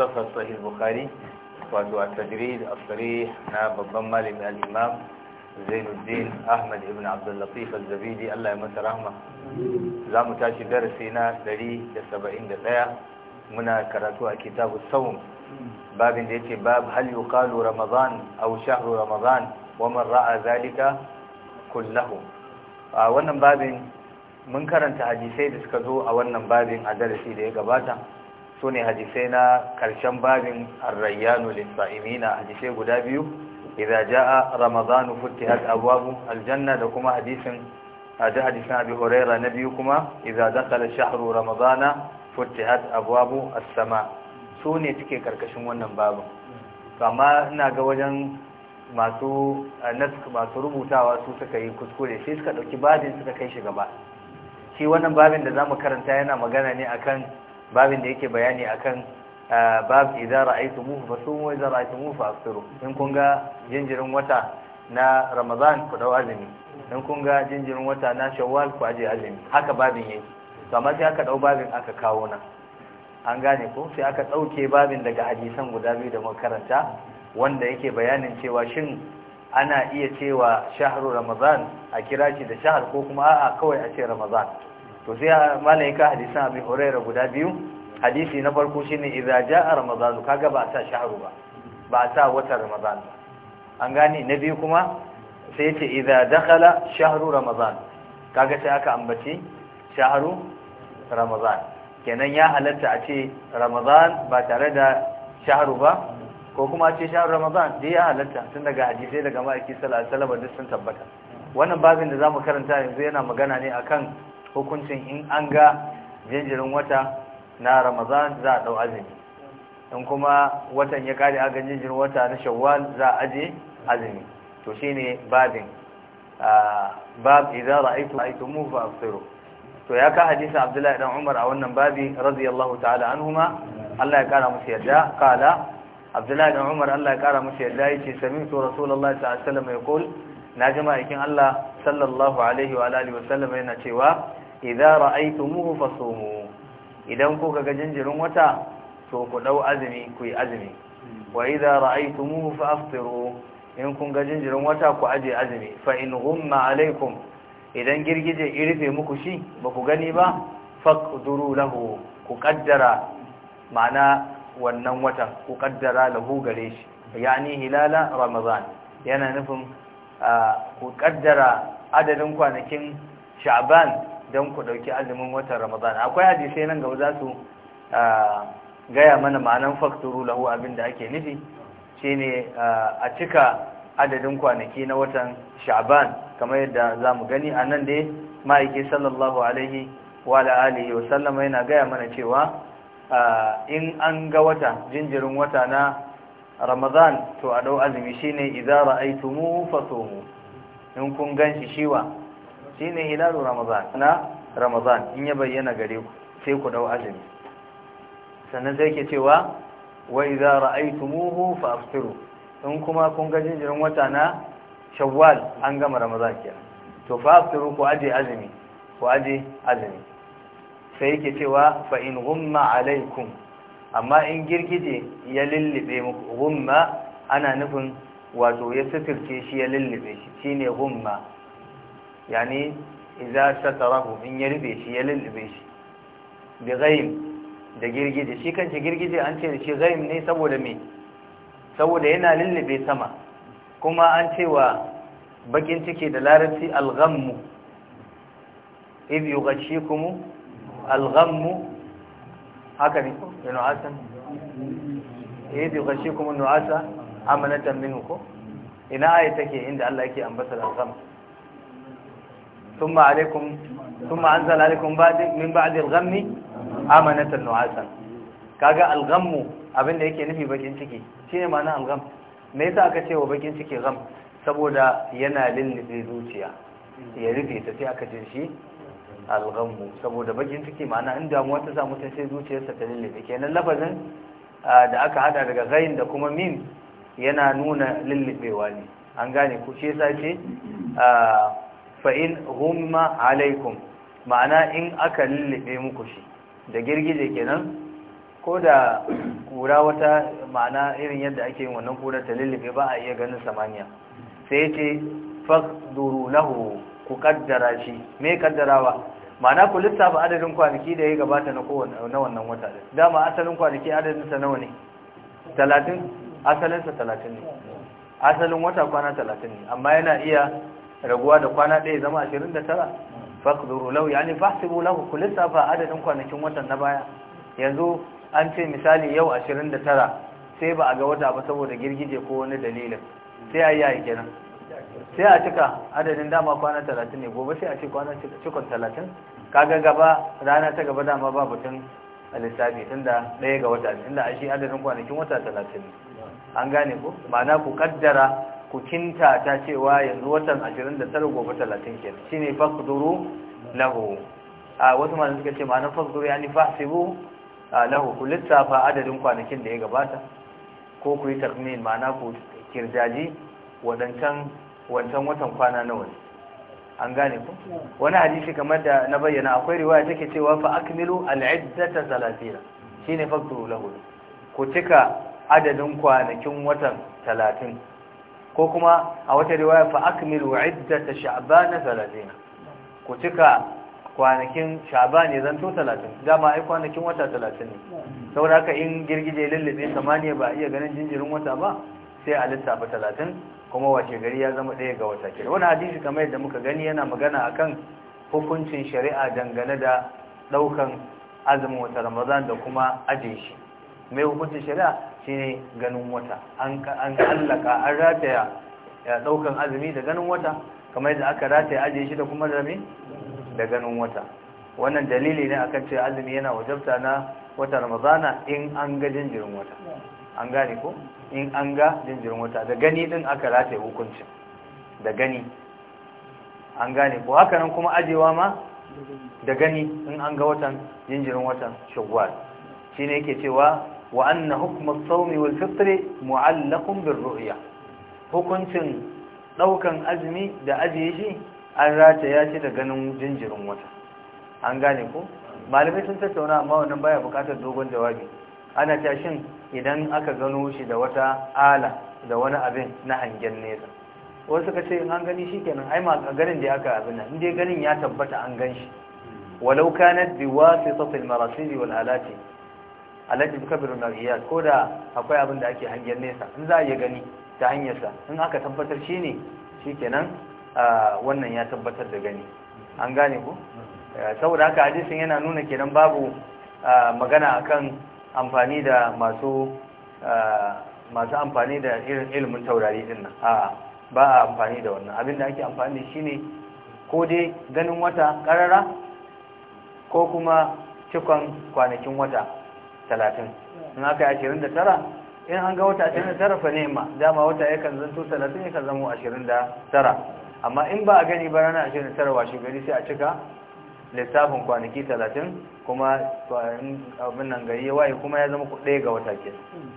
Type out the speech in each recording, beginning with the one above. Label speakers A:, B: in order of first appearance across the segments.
A: mustapha sahih bukhari wato a tajrid a na babban malami al'imam zainuddin ahmad ibn abdullatif al-zabidi allah ya masa rahma za tashi darasi na 171 muna karatu a kitabu sawun babin da yake bab hal yuqalu ramadan aw shahru ramadan wa man ra'a kullahu wannan babin mun karanta hadisai da suka zo a wannan babin a darasi da ya gabata su ne hadisai na karshen babin arrayyanu lissa'imina hadisai guda biyu idza jaa ramadanu futihat abwabu aljanna da kuma hadisin da hadisin abi huraira na biyu kuma idza dakala shahru ramadana futihat abwabu as-sama su ne suke karkashin wannan babin amma ina ga wajen masu masu rubutawa su suka yi kuskure sai suka dauki babin suka kai shi gaba shi wannan babin da zamu karanta yana magana ne akan babin da yake bayani akan bab idza ra'aytumuhu fasumu wa idza ra'aytumuhu asiru. in kun ga jinjirin wata na Ramadan ku dau azumi in kun ga jinjirin wata na Shawwal ku aje azumi haka babin yake to amma sai aka dau babin aka kawo na an gane ko sai aka dauke babin daga hadisan guda biyu da makaranta wanda yake bayanin cewa shin ana iya cewa shahru Ramadan a kira shi da shahar ko kuma a'a kawai a ce Ramadan to sai malayika ka hadisan abin huraira guda biyu hadisi na farko shi ne iza ja a ramazanu kaga ba a sa sha'aru ba ba a sa watan ramazanu an gane na biyu kuma sai ce iza dakala sha'aru ramazanu kaga sai aka ambaci sha'aru ramadan kenan ya halatta a ce ramazan ba tare da sha'aru ba ko kuma a ce sha'aru ramazan dai ya halatta tun daga hadisai daga ma'aiki sallallahu alaihi wasallam duk sun tabbata wannan babin da zamu karanta yanzu yana magana ne akan hukuncin in an ga jinjirin wata na ramazan za a ɗau azumi in kuma watan ya kare aga jinjirin wata na shawwal za a aje azumi to shi ne babin bab idan ra'aytu ra'aytumuhu fa afsiru to ya ka hadisi Abdullahi dan Umar a wannan babi radiyallahu ta'ala anhuma Allah ya kara musu yadda kala Abdullahi dan Umar Allah ya kara musu yadda yace sami'tu Rasulullahi sallallahu sallama wasallam yaqul na jama'a ikin Allah sallallahu alaihi wa alihi wasallam yana cewa idza ra'aytumuhu fasumu idan kuka ga jinjirin wata to ku dau azumi ku yi azumi wa idza ra'aytumuhu fa'ftiru in kun ga jinjirin wata ku aje azumi fa in ghumma idan girgije irfe muku shi ba ku gani ba faqduru lahu ku kaddara ma'ana wannan watan ku kaddara lahu gare shi yani hilala ramadan yana nufin ah, ku kaddara adadin kwanakin sha'ban don ku ɗauki azumin watan ramadan akwai hadisai nan gaba za su gaya mana ma'anan fakturu lahu abin da ake nufi shine a cika adadin kwanaki na watan sha'ban kamar yadda za mu gani a nan dai ma'aiki sallallahu alaihi wa alihi wa sallama yana gaya mana cewa in an ga wata jinjirin wata na ramadan to a dau azumi shine idza ra'aytumuhu fasumu in kun ganshi shiwa ne hilalu ramazan na ramazan in ya bayyana gare ku sai ku dau azumi sannan sai ke cewa wa idza ra'aytumuhu fa'ftiru in kuma kun ga jinjirin wata na shawwal an gama ramazan kiya to fa'ftiru ku aje azumi ku aje azumi sai ke cewa fa in ghumma alaikum amma in girgije ya lullube muku ana nufin wato ya sitirce shi ya lullube shi shine ghumma yani iza satarahu in ya rube shi ya lullube shi bi ghaim da girgije shi kanci girgije an ce shi ghaim ne saboda me saboda yana lullube sama kuma an cewa bakin ciki da larabci al-ghammu idh yughashikum al-ghammu haka ne ya nu'asan idh yughashikumu nu'asa amanatan minhu ko ina ayi take inda Allah yake ambata al-ghammu ثم عليكم ثم انزل عليكم بعد من بعد الغم امنه النعاس كاجا الغم abin da yake nufi bakin ciki shine ma'ana algham me yasa aka ce wa bakin ciki gham saboda yana lullube zuciya ya rufe ta sai aka ce shi alghammu saboda bakin ciki ma'ana in damuwa ta samu sai zuciyarsa ta lullube kenan lafazin da aka hada daga ghain da kuma mim yana nuna lullubewa ne an gane ku shi yasa ce fa'in humma alaikum ma'ana in aka lullube muku shi da girgije kenan ko da kura wata ma'ana irin yadda ake yin wannan kura ta lullube ba a iya ganin samaniya sai ce fakduru lahu ku kaddara shi me kaddarawa ma'ana ku lissafa adadin kwanaki da ya gabata na wannan wata dama asalin kwanaki adadinsa nawa ne talatin asalinsa talatin ne asalin wata kwana talatin ne amma yana iya raguwa da kwana ɗaya zama 29 faqduru law yani fahsibu lahu ku lissafa adadin kwanakin watan na baya yanzu an ce misali yau 29 sai ba a ga wata ba saboda girgije ko wani dalilin sai yi yayi kenan
B: sai a cika
A: adadin dama kwana 30 ne gobe sai a ce kwana cikon 30 kaga gaba rana ta gaba dama ba batun lissafi tunda ɗaya ga wata tunda a shi adadin kwanakin wata 30 an gane ko ma'ana ku kaddara ku kinta ta cewa yanzu watan 29 gobe 30 kenan shine faqduru lahu a wasu malamin suka ce ma'anar faqduru yani fahsibu lahu ku littafa adadin kwanakin da ya gabata ko ku yi takmin ma'ana ku kirjaji wadancan wancan watan kwana nawa ne an gane ku wani hadisi kamar da na bayyana akwai riwaya take cewa fa akmilu al'iddata iddata 30 shine faqduru lahu ku cika adadin kwanakin watan talatin ko kuma a wata riwaya fa akmilu iddata sha'ban 30 ku cika kwanakin sha'ban ne to 30 dama ai kwanakin wata 30 ne saboda haka in girgije lullube 8 ba iya ganin jinjirin wata ba sai a lissafa 30 kuma wace gari ya zama ɗaya ga wata kira wani hadisi kamar yadda muka gani yana magana akan hukuncin shari'a dangane da ɗaukan azumin wata ramadan da kuma ajin shi mai hukuncin shari'a shine ganin wata an kallaka an rataya ya daukan azumi da ganin wata kamar yadda aka rataya ajiye shi da kuma rame da ganin wata wannan dalili ne akan cewa azumi yana wajabta na wata ramadana in an ga jinjirin wata an gane ko in an ga jinjirin wata da gani din aka rataya hukuncin da gani an gane ko haka nan kuma ajewa ma da gani in an ga watan jinjirin watan shawwal shine yake cewa wa anna hukm as-sawmi wal fitr hukuncin ɗaukan azumi da ajiye shi an rataya shi da ganin jinjirin wata an gane ko malamai sun tattauna amma wannan baya bukatar dogon jawabi ana tashin idan aka gano shi da wata ala da wani abin na hangen nesa wasu suka ce an gani shikenan ai ma ganin da aka abin nan inda ganin ya tabbata an gan shi walau kanat bi wasitatil marasili wal alati alhaji kabiru na ko da akwai abin da ake hangen nesa in za a iya gani ta hanyarsa in aka tabbatar shi ne shi kenan wannan ya tabbatar da gani an gane ku eh, saboda haka hadisin yana nuna kenan babu magana akan amfani da masu masu amfani da irin ilimin taurari din nan a ba a amfani da wannan abin da ake amfani da shi ne ko dai ganin wata karara ko kuma cikon kwanakin wata talatin in aka yi ashirin da tara in an ga wata ashirin da tara fa ma dama wata yakan zanto talatin yakan zamo ashirin da tara amma in ba a gani ba rana ashirin da tara washe gari sai a cika lissafin kwanaki talatin kuma abin nan gari ya waye kuma ya zama ɗaya ga wata ke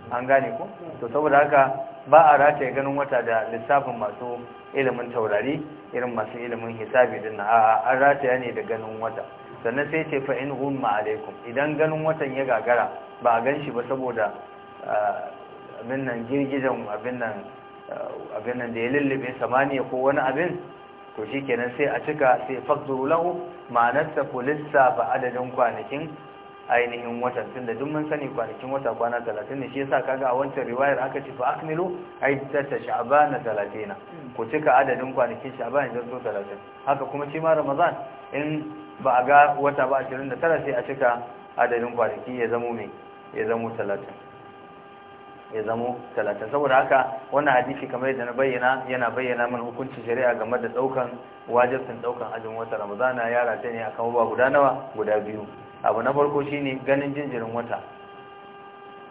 A: an gane ku to saboda haka ba a rataye ganin wata da lissafin masu ilimin taurari irin masu ilimin hisabi din na an rataya ne da ganin wata sannan sai ce fa’in in alaikum idan ganin watan ya gagara ba a gan shi ba saboda eh, abin nan girgizan eh, abin nan da ya lullube samaniya ko wani abin to shi kenan sai a cika sai lau ma'anarsa kulissa ba adadin kwanakin ainihin watan tun da mun sani kwanakin wata kwana talatin ne shi ya yasa kaga a wancan riwayar aka ce fa akmilu sha'aba na talatina ku cika adadin kwanakin sha'ban yanzu talatin haka kuma shi ma ramadan in ba a ga wata ba 29 sai a cika adadin kwanaki ya zamo mai ya zamo 30 ya zamo 30 saboda haka wannan hadisi kamar yadda na bayyana yana bayyana mana hukuncin shari'a game da daukan wajibin daukan ajin wata ramadana ya rata ne akan ba guda nawa guda biyu abu na farko shine ganin jinjirin wata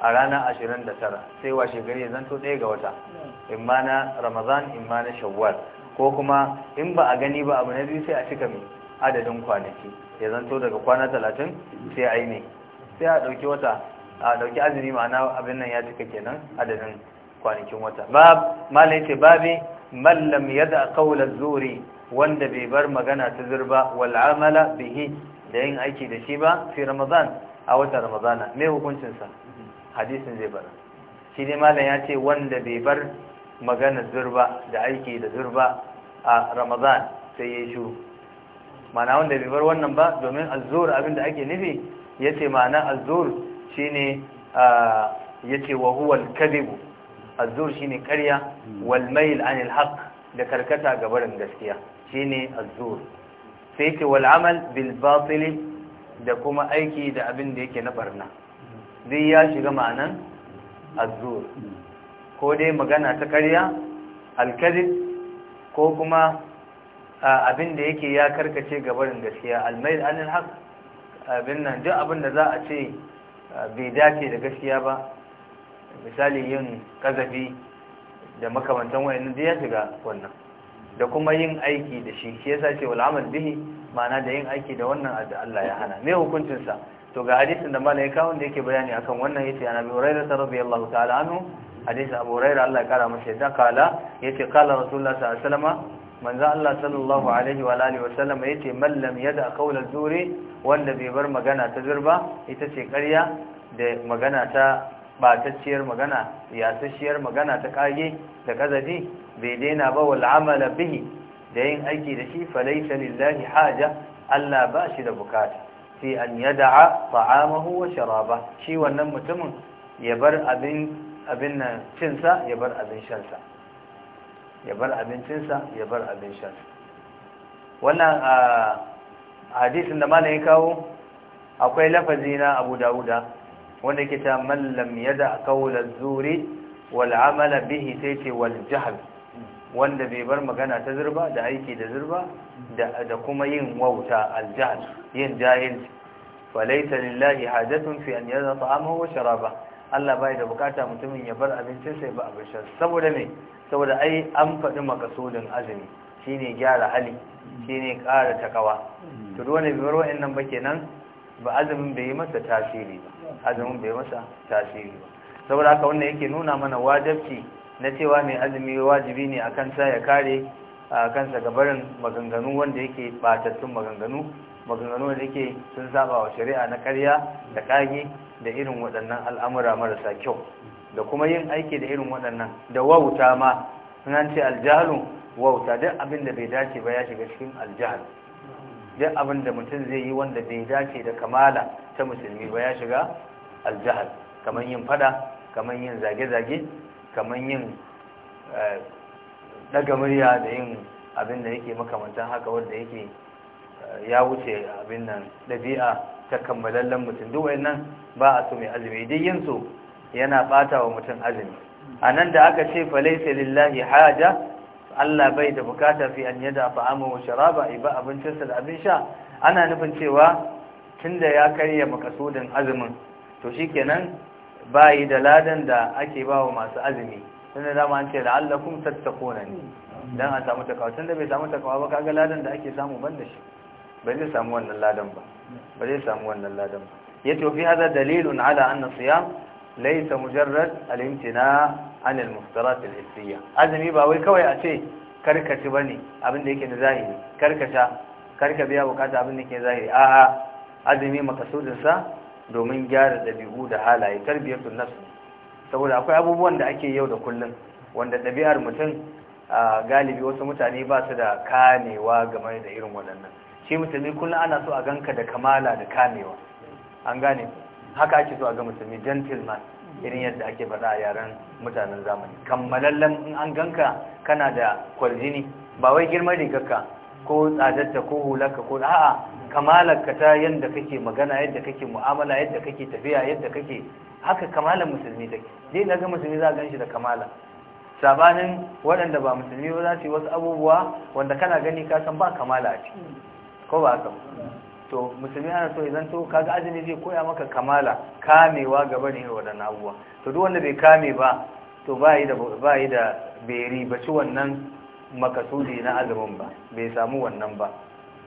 A: a da 29 sai washe gari ya zanto ɗaya ga wata imma na ramadan imma na shawwal ko kuma in ba a gani ba abu na biyu sai a cika mai adadin kwanaki ya zanto daga kwana talatin sai a yi ne sai a ɗauki wata a dauki azumi ma'ana abin nan ya cika kenan adadin kwanakin wata malai ce babi mallam yadda kaular zuri wanda bai bar magana ta zirba wal'amala bihi da yin aiki da shi ba fi ramazan a wata ramazana mai hukuncinsa hadisin zai bar shi ne malam ya ce wanda bai bar magana zurba da aiki da zurba a ramazan sai ya shu. ma'ana wanda bai bar wannan ba domin abin da ake nufi yace ma'ana azzur shine yace wa huwa al-kadhib shine karya wal mail anil haq da karkata ga barin gaskiya shine azur sai yake wal amal bil batil da kuma aiki da abin da yake na barna zai ya shiga ma'anan azur ko dai magana ta karya al ko kuma abin da yake ya karkace gabarin gaskiya almail anil haq abin nan duk abin da za a ce bai dace da gaskiya ba misali yin kazafi da makamantan wayannan da ya shiga wannan da kuma yin aiki da shi shi yasa ce wal amal bihi ma'ana da yin aiki da wannan da Allah ya hana me hukuncin sa to ga hadisin da malai kawun da yake bayani akan wannan yace annabi Hurairah radiyallahu ta'ala anhu hadisi Abu Hurairah Allah ya kara masa yadda kala yace kala Rasulullah sallallahu alaihi wasallam manzo Allah sallallahu alaihi wa alihi wasallam yace man lam yada zuri wanda bai bar magana ta zurba ita ce ƙarya da magana ta batacciyar magana yasasshiyar magana ta kage da kazafi bai daina ba wal amala bihi da yin aiki da shi falaysa lillahi haja Allah ba shi da bukata fi an yada'a ta'amahu wa sharaba shi wannan mutumin ya bar abin abin nan cinsa ya bar abin shansa ya bar abincinsa ya bar abin shan wannan a hadisin da malamin kawo akwai lafazi na Abu Dawuda wanda yake ta man lam yada qawla zuri wal amala bihi sai ce wal jahl wanda bai bar magana ta zirba da aiki da zirba da kuma yin wauta al yin jahilci falaita lillahi hajatun fi an yada ta'amahu wa sharaba Allah bai da bukata mutumin ya bar abincinsa ya ba abin saboda ne. saboda ai an faɗi makasudin azumi shine gyara hali shine ƙara takawa to duk wanda bai wa'in nan ba kenan ba azumin bai yi masa tasiri ba azumin bai masa tasiri ba saboda haka wanda yake nuna mana wajabci na cewa mai azumi wajibi ne akan sa ya kare a kansa gabarin maganganu wanda yake batattun maganganu maganganu wanda yake sun saba wa shari'a na karya da kage da irin waɗannan al'amura marasa kyau da kuma yin aiki da irin waɗannan da wauta ma sunan ce aljahalu wauta duk abin da bai dace ba ya shiga cikin aljahalu duk abin da mutum zai yi wanda bai dace da kamala ta musulmi ba ya shiga aljahal kamar yin fada kamar yin zage-zage kamar yin eh, ɗaga murya da yin abin da yake makamantan haka wanda yake eh, ya wuce abin nan ɗabi'a ta kammalallen mutum duk nan ba a so mai azumi dai yin su yana bata wa mutum azumi a nan da aka ce falaysa lillahi haja Allah bai da bukata fi an yada amu wa sharaba iba abincinsa da abin sha ana nufin cewa tunda ya karya makasudin azumin to shikenan bayi da ladan da ake bawa masu azumi da dama an ce la'allakum tattaquna ne dan a samu takawa tunda bai samu takawa ba kaga ladan da ake samu banda shi ba zai samu wannan ladan ba ba zai samu wannan ladan ba yato fi hada dalilun ala anna siyam laisa mujarrad alimtina al muftarat alhissiyya azumi ba wai kawai a ce karkaci bane abin da yake na zahiri karkata karka biya bukata abin da yake zahiri a'a azumi makasudin sa domin gyara dabi'u da halaye tarbiyatul nafs saboda akwai abubuwan da ake yau da kullun wanda dabi'ar mutum galibi wasu mutane ba su da kamewa game da irin waɗannan shi musulmi kullum ana so a ganka da kamala da kamewa an gane ku haka ake zuwa ga musulmi gentleman irin yadda ake bada a yaren mutanen zamani kammalallen in an ganka kana da kwaljini ba wai girman rigarka ko tsadarta ko hularka ko a'a kamalarka ta yadda kake magana yadda kake mu'amala yadda kake tafiya yadda kake haka kamalar musulmi take dai ga musulmi za a gan shi da kamala sabanin waɗanda ba musulmi ba za su yi wasu abubuwa wanda kana gani ka san ba kamala a ciki ko ba haka to musulmi ana so idan to kaga azumi zai koya maka kamala kamewa gaba ne waɗannan abubuwa to duk wanda bai kame ba to ba yi da beri ba ci wannan makasudi na azumin ba bai samu wannan ba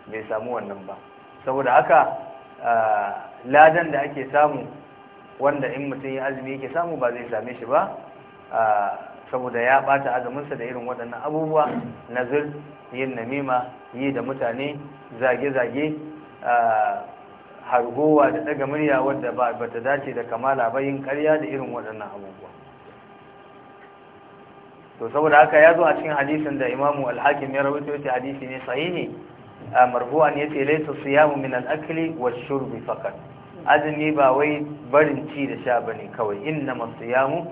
A: bai samu wannan ba saboda haka ladan da ake samu wanda in mutum ya azumi yake samu ba zai same shi ba saboda ya bata azuminsa da irin waɗannan abubuwa nazir yin namima yi da mutane zage-zage hargowa da daga murya wadda ba ta dace da kamala ba karya da irin waɗannan abubuwa to saboda haka ya zo a cikin hadisin da imamu alhakim ya rawaito yace hadisi ne sahihi marfu'an yace laysa siyamu min al-akli wash-shurbi faqat azumi ba wai barin ci da sha ba ne kawai innama siyamu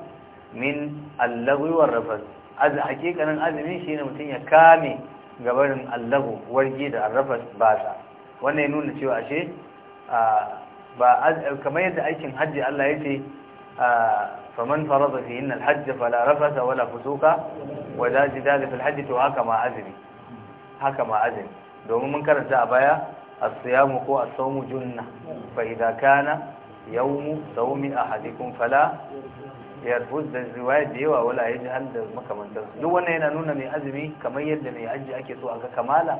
A: min al-lagwi war-rafath az hakikanin azumi shine mutun ya kame gabarin al-lagwi wargi da ar-rafath ba sa wannan ya nuna cewa ashe ba kamar yadda aikin hajji Allah ya ce faman farada fi innal hajj fala rafasa wala fusuka wala jidala fil to haka ma azumi domin mun karanta a baya as-siyamu ko as-sawmu junna fa idza kana yawmu sawmi ahadikum fala yarfuz da riwaya da yawa wala yajhal da makamantar duk wannan yana nuna mai azumi kamar yadda mai aji ake so a ga kamala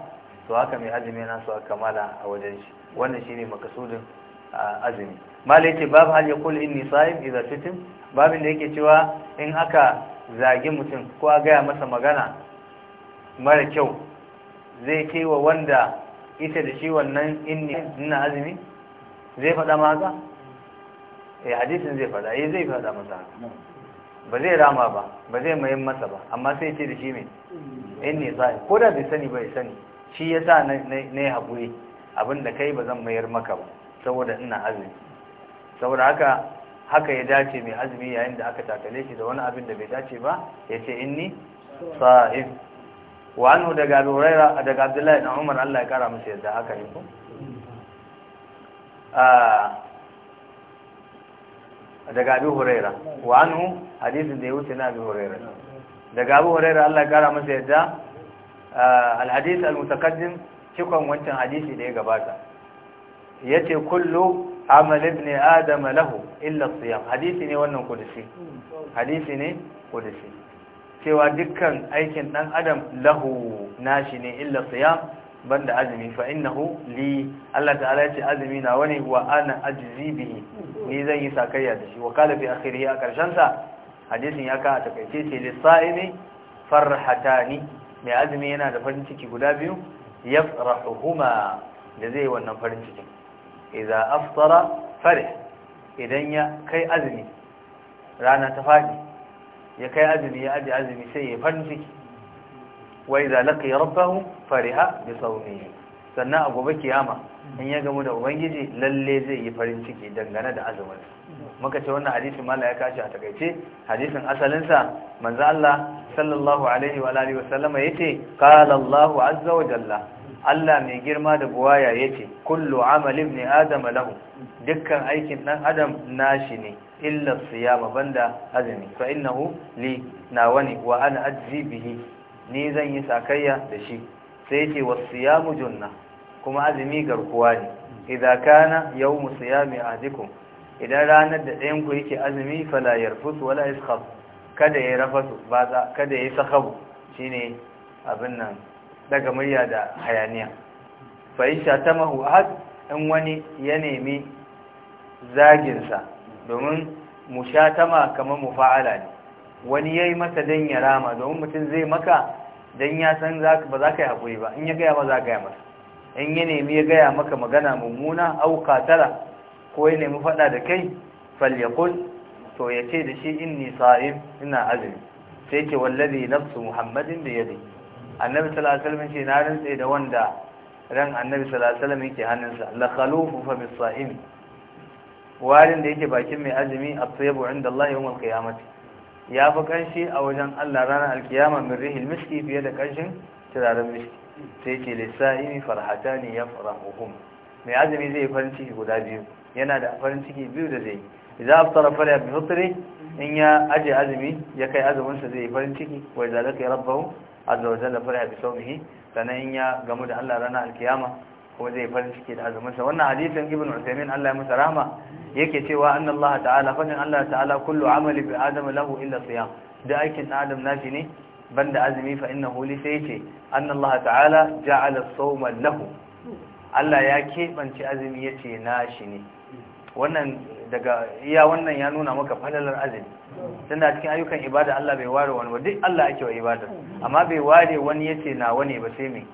A: to haka mai azumi yana so a kamala a wajen shi wannan shine makasudin azumi mala yake babu hal ya kul inni sa'im idza fitim babin da yake cewa in aka zagi mutum ko a gaya masa magana mara kyau zai kewa wanda ita da shi wannan inni ina azumi zai faɗa ma haka eh hadisin zai faɗa eh zai faɗa masa haka ba zai rama ba ba zai mayin masa ba amma sai ce da shi mai inni sa'im ko da bai sani ba ya sani shi ya sa na yi haƙuri abinda kai ba zan mayar maka ba saboda ina azumi saboda haka haka ya dace mai azumi yayin da aka takale shi da wani abin da bai dace ba ya ce inni sa'im wa anhu daga Abu Huraira daga Abdullahi na Umar Allah ya kara musu yadda haka ne ko daga Abu Huraira wa anhu hadisin da ya wuce na Abu Huraira daga Abu Huraira Allah ya kara masa yadda alhadis almutakaddim cikon wancan hadisi da ya gabata yace kullu amal ibn adam lahu illa siyam hadisi ne wannan kudusi hadisi ne kudusi cewa dukkan aikin dan adam lahu nashi ne illa siyam banda azumi fa innahu li Allah ta'ala yace azumi na wani wa ana ajzi bihi ni zan yi sakayya da shi wa kala bi akhirih a karshen sa hadisin ya ka a takaice ce lisa'imi farhatani mai azumi yana da farin ciki guda biyu rahuma da zai wannan farin cikin idan aftara farih idan ya kai azumi rana ta faɗi ya kai azumi ya aji azumi sai ya farin ciki wa idza laqiya rabbahu fariha bi sawmihi sannan a gobe kiyama in ya gamu da ubangiji lalle zai yi farin ciki dangane da azumin muka ce wannan hadisin mala ya kashi a takaice hadisin asalinsa manzo Allah sallallahu alaihi wa alihi wasallama yace qala Allahu azza wa jalla Allah mai girma da buwaya yace kullu amal ibn adam lahu dukkan aikin dan adam nashi ne illa siyama banda azumi fa innahu li nawani wa ana ajzi bihi ni zan yi sakayya da shi sai yace wasiyamu junna kuma azumi garkuwa ne idza kana yawmu siyami ahdikum idan ranar da ɗayan ku yake azumi fala yarfus wala yaskhab kada ya rafasu baza kada ya shi shine abin nan daga murya da hayaniya fa ta mahu ahad in wani ya nemi zaginsa domin mu sha mushatama kamar mufa'ala ne wani ya yi masa don ya rama domin mutum zai maka don ya san ba za ka yi haƙuri ba in ya gaya ma za ka yi masa in ya nemi ya gaya maka magana mummuna auka tara, ko ya nemi faɗa da kai falyakul to ya ce da shi inni sa'im ina azumi sai ce wallazi nafsu muhammadin da yadi annabi sallallahu alaihi wasallam ce na rantse da wanda ran annabi sallallahu alaihi wasallam yake hannunsa la khalufu fa bis sa'im warin da yake bakin mai azumi atyabu inda Allah yawm al-qiyamah ya fi kanshi a wajen Allah ranar alkiyama min rihil miski fiye da kanshin turaren miski sai ce lissa'imi farhatani yafrahuhum mai azumi zai farin ciki guda biyu yana da farin ciki biyu da zai yi idan aftara fara bi fitri in ya aje azumi ya kai azumin sa zai farin ciki wa idza laka rabbahu azza wa jalla fara bi sawmihi sanan in ya gamu da Allah ranar alkiyama kuma zai farin ciki da azumin sa wannan hadisin ibn Uthaymeen Allah ya masa rahma yake cewa anna Allah ta'ala fadin Allah ta'ala kullu amali bi adama lahu illa siyam da aikin adam nashi ne banda azumi fa innahu li ce anna Allah ta'ala ja'ala as-sawma lahu Allah ya keɓance azumi ya ce shi ne wannan daga iya wannan ya nuna maka falalar azumi tunda cikin ayyukan ibada Allah bai ware wani ba duk Allah ake wa ibada amma bai ware wani yace na wani ba sai me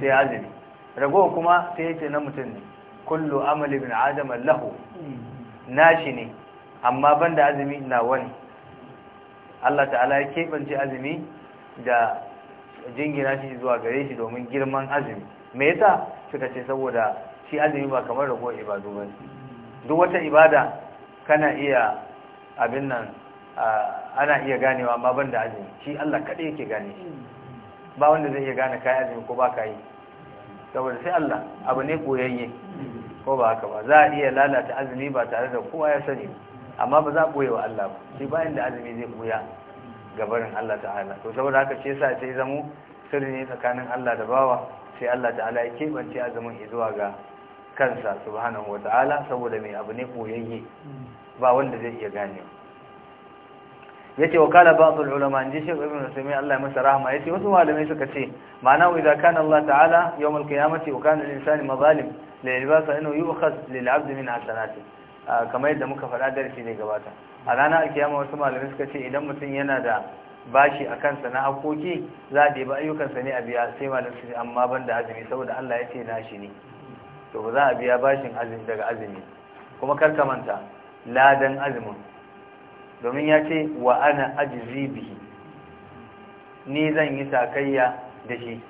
A: sai azumi ragowa kuma sai yace na mutum ne kullu amali bin adam lahu nashi ne amma banda azumi na wani. Allah ta'ala ya keɓance azumi da jingina shi zuwa gare shi domin girman azumi me yasa suka ce saboda shi azumi ba kamar ragowar ibadu ba duk wata ibada kana iya abin nan ana iya ganewa amma ban da azumi shi Allah kaɗai yake gane ba wanda zai iya gane kayi azumi ko ba ka yi saboda sai Allah abu ne koyayye ko ba haka ba za a iya lalata azumi ba tare da kowa ya sani amma ba za a koyewa wa Allah ba shi bayan da azumi zai koya gabarin Allah ta'ala to saboda haka shi yasa sai zamo sirri ne tsakanin Allah da bawa sai Allah ta'ala ya kebance azumin zuwa ga kansa subhanahu wa ta'ala saboda mai abu ne koyayye ba wanda zai iya gane yace wa kala ba'd al-ulama inji Sheikh Ibn Uthaymeen Allah ya masa rahma yace wasu malamai suka ce ma'ana idza kana Allah ta'ala yawm al-qiyamati wa kana al-insanu mazalim lil-libasa innahu yu'khadh lil-'abd min hasanati ah, kamar yadda muka faɗa darasi ne gabata a ranar alkiyama wasu malamai suka ce idan mutum yana da bashi a kansa na hakoki za a ɗeba ayyukansa ne a biya sai malamai amma ban da azumi saboda Allah ya ce na shi ne to za a biya bashin azumi daga azumi kuma karka manta ladan azumin domin ya ce wa ana ajizi bihi ni zan yi sakayya da shi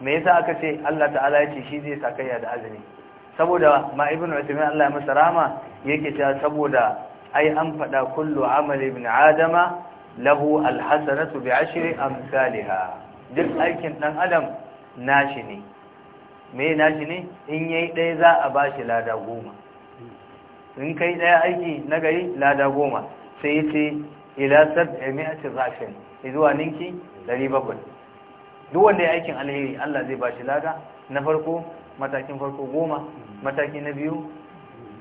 A: me yasa aka ce Allah ta'ala ya ce shi zai sakayya da azumi saboda ma ibn Uthman Allah ya masa rahama yake cewa saboda ai an faɗa kullu amali ibn adama lahu alhasanatu bi ashri amsalha duk aikin dan adam nashi ne me shi ne in yi ɗaya za a ba shi lada goma in kai ɗaya aiki na gari lada goma sai ce ila sab'ati rafin zuwa ninki 700 duk wanda ya aikin alheri Allah zai ba shi lada na farko matakin farko goma mataki na biyu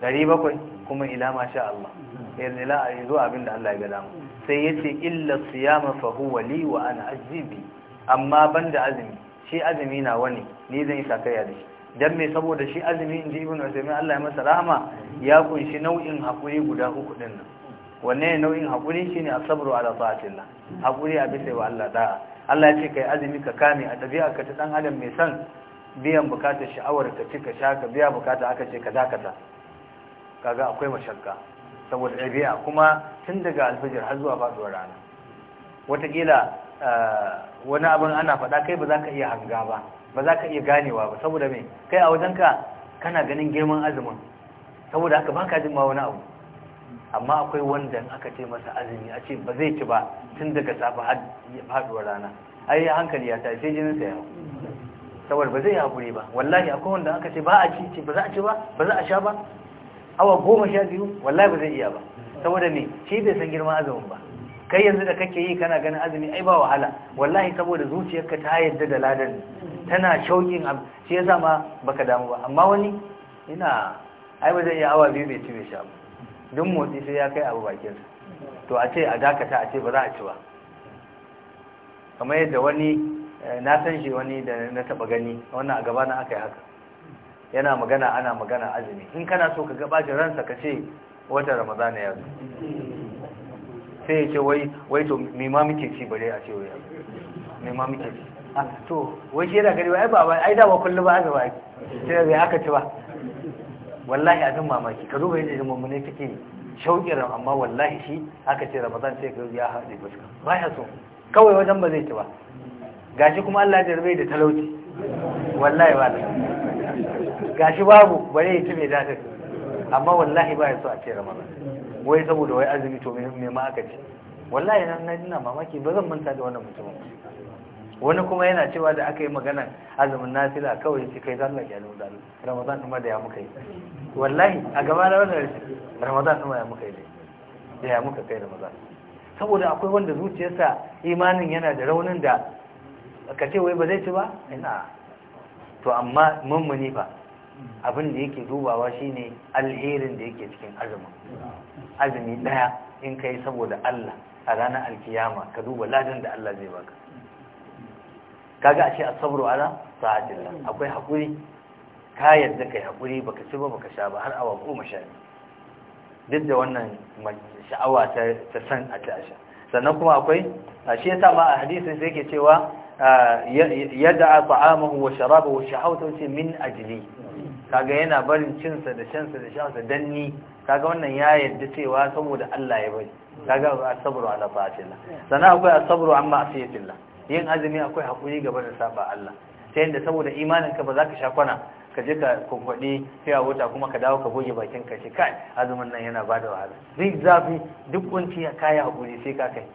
A: 700 kuma ila sha Allah ila zuwa abinda Allah ya gada mu sai yace illa siyama fa huwa li wa ana azibi amma banda azumi shi azumi na wani ni zan yi sakaya da shi dan me saboda shi azumi inji ibn Uthaymeen Allah ya masa rahama ya kunshi nau'in hakuri guda uku din nan wanne nau'in hakuri shine asabru ala ta'atillah hakuri a bisa wa Allah da'a Allah ya ce kai azumi ka kame a tabi'a ka ta dan adam mai san biyan bukatar sha'awar ka cika shaka biya bukata aka ce ka dakata kaga akwai mashakka saboda ɗabi'a kuma tun daga alfajir har zuwa faduwar rana watakila Eh, wani abin ana faɗa kai ba za ka iya hanga ba ba za ka iya ganewa ba saboda mai kai a wajenka kana ganin girman azumin saboda haka baka jin ma wani abu amma akwai wanda aka ce masa azumi a ce ba zai ci ba tun daga safe har rana ai hankali ya tashi sai jinin sa ya saboda ba zai hakuri ba wallahi akwai wanda aka ce ba a ci ba za a ci ba ba za a sha ba awa goma sha biyu wallahi ba zai iya ba saboda me shi bai san girman azumin ba kai yanzu da kake yi kana ganin azumi ai ba wahala wallahi saboda zuciyarka ta yadda da ladan tana shauƙin abu shi yasa ma baka damu ba amma wani ina ai ba zai yi awa biyu bai ci bai sha ba duk motsi sai ya kai abu bakinsa to a ce a dakata a ce ba za a ci ba kamar yadda wani eh, na san shi wani da na taba gani wannan a gaba na aka yi haka yana magana ana magana azumi in kana so ka gabata ransa ka ce wata ramadana ya zo sai ya ce wai to me ma muke ci bare a ce ya me ma muke ci a to wai shi yana gani wai ba ba ai da ba kullu ba aka ba sai zai aka ci ba wallahi abin mamaki ka duba yadda mummune take shauƙin amma wallahi shi aka ce ramadan sai ka ya haɗe fuska ba ya so kawai wajen ba zai ci ba gashi kuma Allah ya jarbe da talauci wallahi ba gashi babu bare ya ci mai dadin amma wallahi ba ya so a ce ramadan wai saboda wai azumi to me ma aka ce wallahi nan na ina mamaki ba zan manta da wannan mutumin wani kuma yana cewa da aka yi magana azumin nasila kawai ce kai zalla ya lura ramadan kuma da ya muka yi wallahi a gaba da wannan ramadan kuma ya muka yi da ya muka kai ramadan saboda akwai wanda zuciyarsa imanin yana da raunin da ka ce wai ba zai ci ba ina to amma mummuni ba. abin da yake dubawa shine alherin da yake cikin azumi azumi daya in kai saboda Allah a ranar alkiyama ka duba ladan da Allah zai baka kaga ashe as-sabru ala sa'atillah akwai hakuri ka yadda kai hakuri baka ci ba baka sha ba har awa goma sha duk da wannan sha'awa ta san a tasha sannan kuma akwai shi yasa ma a hadisin sai yake cewa yad'a ta'amahu wa sharabahu shahawtu min ajli kaga yana barin cinsa da shansa da shansa danni kaga wannan ya yadda cewa saboda Allah ya bari kaga asabru ala ta'atillah sana akwai asabru amma asiyatillah yin azumi akwai hakuri gaba da saba Allah sai da saboda imanin ka ba za ka sha kwana ka je ka kunkwadi sai a wuta kuma ka dawo ka goge bakin ka ce kai azumin nan yana bada wahala zai zafi duk kunci ya kai hakuri sai ka kai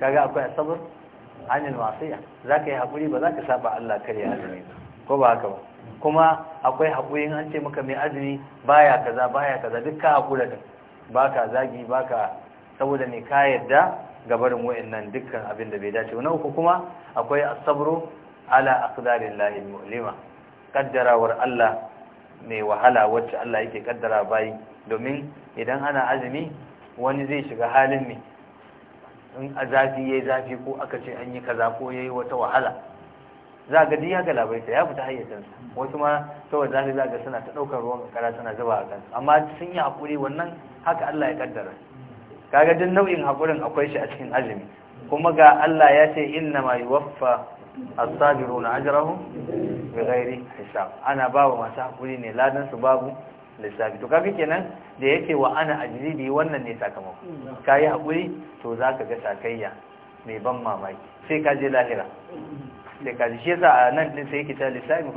A: kaga akwai asabru anil za zaka yi hakuri ba za ka saba Allah kare azumi ko ba haka ba kuma akwai haƙuri an ce maka mai azumi baya kaza baya kaza duk ka haƙura ba baka zagi baka saboda ne ka yadda gabarin wa'annan dukkan abin da bai dace na uku kuma akwai asabru ala aqdarin lahi mu'lima kaddarawar Allah mai wahala wacce Allah yake kaddara bayi domin idan ana azumi wani zai shiga halin mai in a zafi yayi zafi ko aka ce an yi kaza ko yayi wata wahala za ga ya galabaita ya fita sa wasu ma saboda zafi za ga suna ta ɗaukar ruwan kara suna zuba a kansu amma sun yi haƙuri wannan haka Allah ya kaddara kaga duk nau'in haƙurin akwai shi a cikin azumi kuma ga Allah ya ce inna ma yuwaffa as-sabiruna bi ghairi hisab ana bawa masu haƙuri ne ladan su babu lissafi to kaga kenan da yake wa ana bi wannan ne sakamako kai haƙuri to zaka ga sakayya mai ban mamaki sai ka je lahira da kaji shi yasa a nan din sai yake ta lissafi ne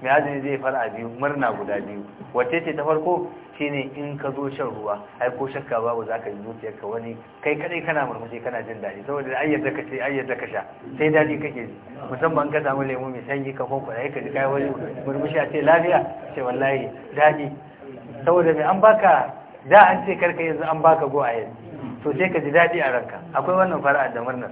A: mai azumi zai fara biyu murna guda biyu wacce ce ta farko shine in ka zo shan ruwa ai ko shakka babu za ka yi ka wani kai kadai kana murmushi kana jin daɗi saboda ayyar da ka ce ayyar da ka sha sai daɗi kake ji musamman ka samu lemu mai sanyi ka kwakwara ka ji kai wani murmushi a ce lafiya ce wallahi daɗi saboda mai an baka da an ce karka yanzu an baka go a yanzu to sai ka ji daɗi a ranka akwai wannan fara'a da murnar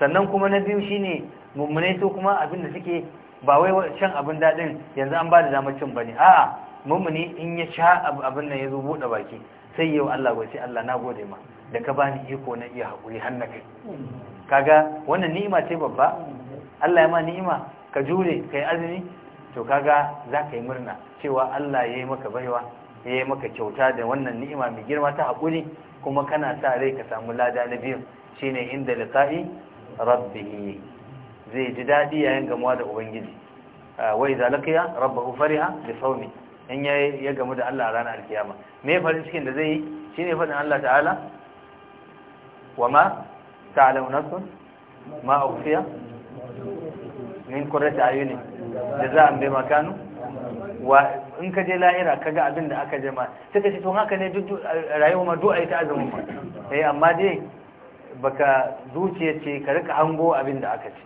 A: sannan kuma na biyu shine mummune su kuma abinda da suke ba wai shan abin daɗin yanzu an ba da damar cin ne. a'a mummune in ya sha abin nan ya zo buɗe baki sai yau Allah gwaci Allah na gode ma da ka bani iko na iya haƙuri har na kai kaga wannan ni'ima ce babba Allah ya ma ni'ima ka jure ka yi azumi to kaga za ka yi murna cewa Allah ya yi maka baiwa ya yi maka kyauta da wannan ni'ima mai girma ta haƙuri kuma kana sa rai ka samu lada na biyu shine inda liqa'i rabbihi zai ji daɗi yayin gamuwa da ubangiji ah, wai zalakiya rabbahu fariha bi sawmi in ya gamu da Allah a ranar alkiyama me farin cikin da zai yi shine faɗin Allah ta'ala wama ta'lamu nafsun ma ukhfiya
B: min qurrati ayuni jaza'an bima makanu wa
A: in ka je lahira kaga abin da aka jama sai ka ce to haka ne duk rayuwa ma du'a ita azumin ma eh amma dai baka zuciya ce ka rika hango abin da aka ce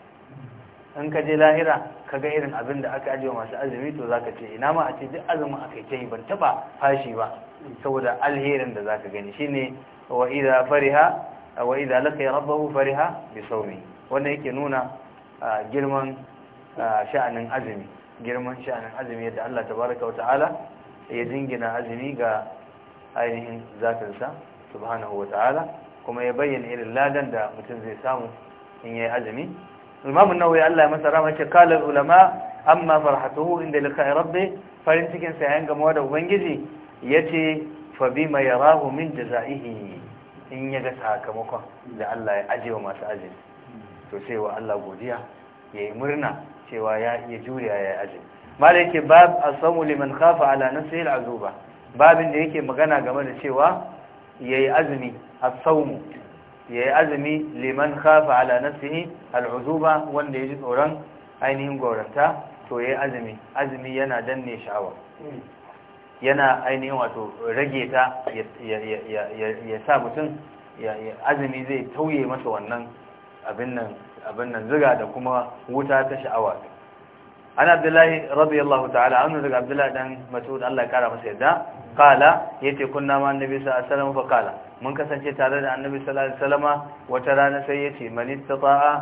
A: in ka je lahira ka ga irin abin da aka ajiye masu azumi to zaka ce ina ma a ce duk azumin aka yi ta ban taba fashi ba saboda alherin da zaka gani shine wa idza fariha wa idza laqiya rabbahu fariha bi sawmi wanda yake nuna girman sha'anin azumi girman sha'anin azumi yadda Allah tabaraka wa ta'ala ya jingina azumi ga ainihin zatinsa subhanahu wa ta'ala kuma ya bayyana irin ladan da mutum zai samu in yayi azumi imamu nawawi Allah ya masa rahama ce kalal ulama amma farhatuhu inda liqa'i rabbi farin cikin sa yayin gamawa da ubangiji yace fa bima yarahu min jazaihi in yaga sakamakon da Allah ya ajewa masu azumi to sai wa Allah godiya yayi murna cewa ya iya juriya yayi azumi malai yake bab asamu liman khafa ala nafsihi al'azuba babin da yake magana game da cewa yayi azumi as ya yayi azumi liman khafa ala nafsihi al-uzuba wanda yaji tsoron ainihin gauranta to yi azumi azumi yana danne sha'awa yana ainihin wato rage ta ya sa mutum azumi zai tauye masa wannan abin nan ziga da kuma wuta ta sha'awa an abdullahi radiyallahu ta'ala anhu daga abdullahi dan mas'ud Allah ya kara masa yadda kala yace kunna ma annabi sallallahu alaihi wasallam fa kala mun kasance tare da annabi sallallahu alaihi wasallama wata rana sai yace man istata'a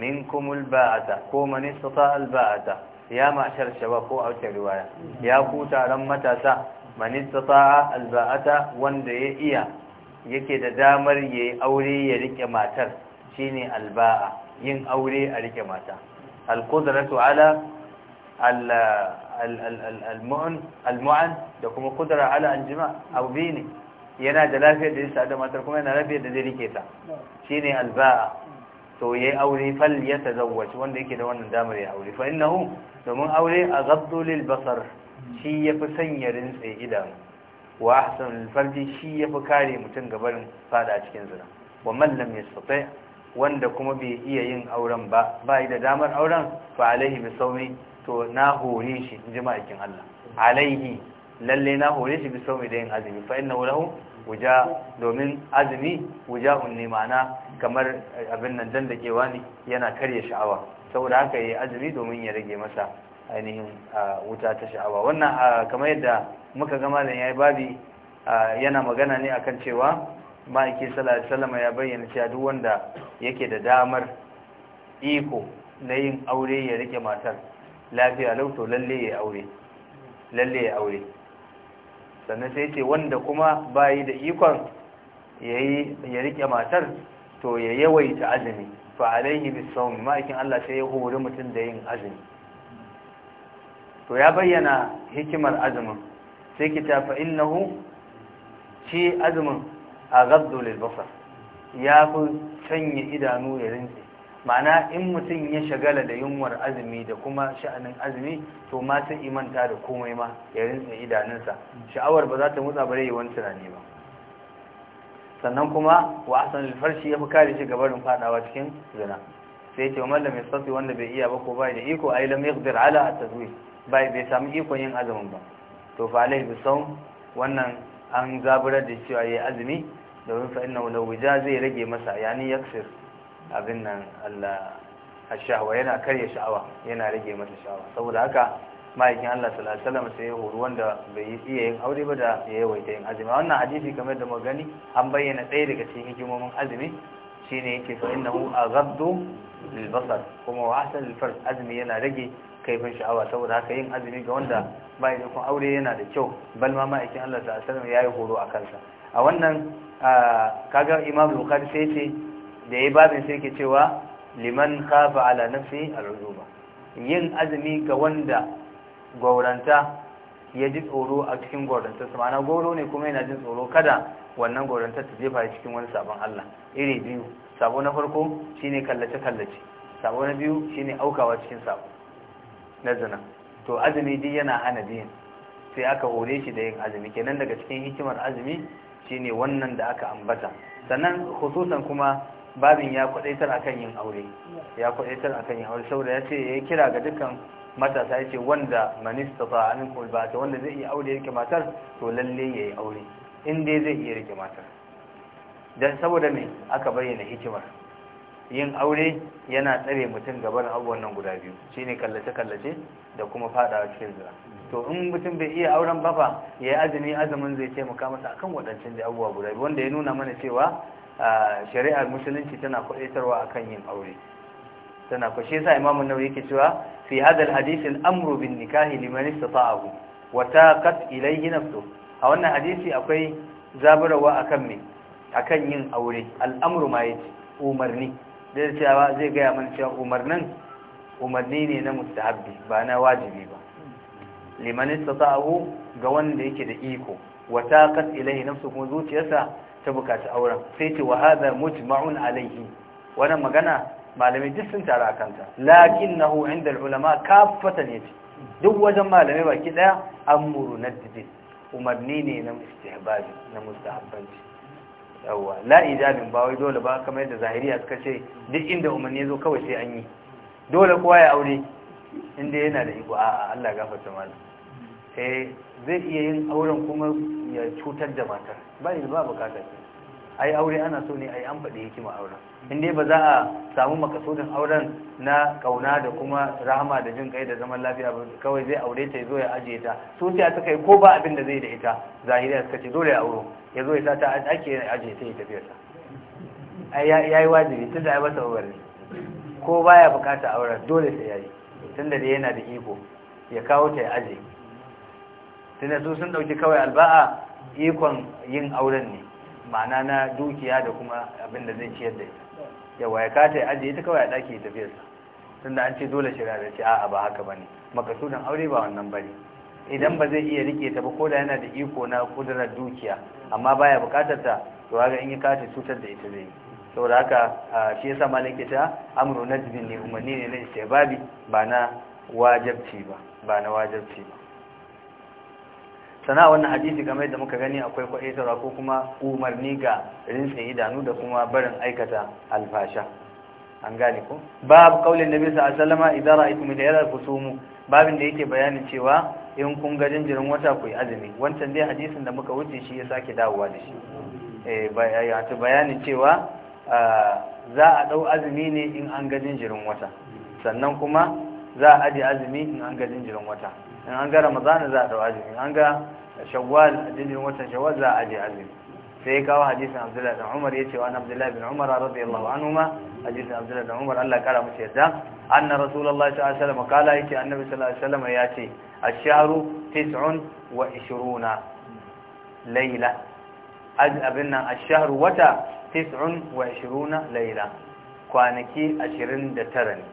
A: minkum alba'ata ko man istata'a alba'ata ya ma'shar shabab ko a wata riwaya ya ku taron matasa man istata'a alba'ata wanda ya iya yake da damar yayi aure ya rike matar shine alba'a yin aure a rike mata alqudratu ala al da kuma kudura ala anjima abu biyu ne yana da lafiyar da yasa da matar kuma yana lafiyar da zai rike ta ne alba'a to yi aure fal ya zauwaci wanda yake da wannan damar ya aure fa innahu domin aure a gabdo basar shi yafi sanya rintse idanu wa ahsan farji shi fi kare mutum gabarin fada cikin zina wa mallam ya yastati wanda kuma bai iya yin auren ba yi da damar auren fa alaihi bisawmi to na hore shi in ji ma'aikin Allah alaihi lalle na hore shi bisau mai da yin azumi fa inna lahu wuja domin azumi wuja ne ma'ana kamar abin nan dan dakewa ne yana karya sha'awa saboda haka yayi azumi domin ya rage masa ainihin wuta ta sha'awa wannan kamar yadda muka ga ya yayi babi yana magana ne akan cewa ma'aiki sallallahu ya bayyana cewa duk wanda yake da damar iko na yin aure ya rike matar lafiya lauto lalle ya aure lalle ya aure sannan sai ce wanda kuma bayi da ikon ya rike matar to ya yawaita azumi fa alaihi bisawm ma'aikin Allah sai ya hori mutum da yin azumi to ya bayyana hikimar azumin sai kita fa innahu shi azumin a lil basar ya fi sanya idanu ya rinse ma'ana in mutum ya shagala da yunwar azumi da kuma sha'anin azumi to ma sai imanta da komai ma ya rinsa idanunsa sha'awar ba za ta mutsa bare yi wani tunani ba sannan kuma wa asan farshi ya fi kare shi gabarin fadawa cikin zina sai ce umar da mai sassi wanda bai iya ba ko bai da iko yi lam yadda ala a tazwi bai bai samu ikon yin azumin ba to fa bi son wannan an zaburar da cewa yi azumi domin na wani zai rage masa yani yaksir abin nan Allah sha'awa yana karya sha'awa yana rage mata sha'awa saboda haka ma'aikin Allah sallallahu alaihi wasallam sai ya wanda bai yi iya yin aure ba da ya yawaita yin azumi wannan hadisi kamar da magani an bayyana ɗaya daga cikin hikimomin azumi shine yake fa innahu aghaddu lil basar kuma wa ahsan lil fard azumi yana rage kaifin sha'awa saboda haka yin azumi ga wanda bai da kun aure yana da kyau bal ma ma'aikin Allah sallallahu alaihi wasallam yayi horo a kansa a wannan kaga Imam Bukhari sai ce da ya babin sai ke cewa liman kafa ala nafsi al'uzuba yin azumi ga wanda gwauranta ya ji tsoro a cikin gwauranta su ma'ana goro ne kuma yana jin tsoro kada wannan gwauranta ta jefa cikin wani sabon Allah iri biyu sabo na farko shine kallace kallace sabo na biyu shine aukawa cikin sabo na zina to azumi dai yana hana biyan sai aka hore shi da yin azumi kenan daga cikin hikimar azumi shine wannan da aka ambata sannan khususan kuma babin ya kwadaitar akan yin aure ya kwadaitar akan yin aure saboda ya ce ya kira ga dukkan matasa ya ce wanda manista ba ba ta wanda zai iya aure rike matar to lalle ya yi aure in dai zai iya rike matar don saboda me aka bayyana hikimar yin aure yana tsare mutum gaban abubuwan nan guda biyu shine kallace-kallace da kuma fadawa cikin zira to in mutum bai iya auren ba fa ya yi azumi azumin zai taimaka masa akan waɗancan da abubuwa guda biyu wanda ya nuna mana cewa shari'ar musulunci tana a akan yin aure tana kwashe sa imamun nawawi yake cewa fi hadal hadith amru bin nikahi liman istata'ahu wa taqat ilayhi nafsuhu a wannan hadisi akwai zaburawa akan me akan yin aure al'amru ma yace umarni da cewa zai gaya mana cewa umarnin umarni ne na mustahabbi ba na wajibi ba liman istata'ahu ga wanda yake da iko wa taqat ilayhi nafsuhu kuma zuciyarsa ta bukaci auren sai ce wa hada mujma'un alaihi. wannan magana malamai duk sun tara akanta lakinnahu inda ulama kaffatan yace duk wajen malamai baki daya na didi. umarni ne na istihbabi na mustahabbanci yawa la ijabin ba wai dole ba kamar yadda zahiriya suka ce duk inda umarni zo kawai sai an yi dole kowa ya aure inda yana da iko a'a Allah gafarta mana eh zai iya yin auren kuma ya cutar da matar ba ne ba bukatar ai aure ana so ne ai an faɗi hikima auren inda ba za a samu makasudin auren na kauna da kuma rahama da jin kai da zaman lafiya ba kawai zai aure ta zo ya ajiye ta so sai ta kai ko ba abin da zai da ita zahiriya suka ce dole ya auro ya zo ya sa ta ake ajiye ta ya tafiyar
B: sa
A: ai yayi wajibi tun da ai masa umarni ko baya bukata auren dole sai yayi tun da yana da iko ya kawo ta ya ajiye tunda su sun dauki kawai alba'a ikon yin auren ne ma'ana na dukiya da kuma abin da zai ciyar da ita yawa ya kata ya ajiye ta kawai a ɗaki sa tun da an ce dole shirya da ce a'a ba haka ba ne makasudin aure ba wannan ba ne idan ba zai iya rike ta ba ko da yana da iko na kudurar dukiya amma baya bukatar ta to haka in yi kata cutar da ita zai saboda haka shi yasa malike ta amru najbin ne umarni ne na istibabi ba na wajabci ba ba na wajabci ba sana wannan hadisi kamar da muka gani akwai kwaitarwa ko kuma umarni ga rinsa idanu da kuma barin aikata alfasha an gane ko babu kaulin nabi sallallahu alaihi wasallam idan ra'aytum da yara kusumu babin da yake bayanin cewa in kun ga jinjirin wata ku yi azumi wancan dai hadisin da muka wuce shi ya sake dawowa da shi eh bayanin cewa za a dau azumi ne in an ga jinjirin wata sannan kuma za a aje azumi in an ga jinjirin wata in an ga ramadan za a dau azumi an ga shawwal azumin watan shawwal za a je azumi sai ya kawo hadisin abdullahi bin umar ya ce wa abdullahi bin umar radiyallahu anhuma hadisin abdullahi bin umar Allah kara musu yadda anna rasulullahi sallallahu alaihi wasallam kala yake annabi sallallahu alaihi wasallam ya ce ash-shahru 29 layla abin nan ash-shahru wata wa 29 layla kwanaki 29 ne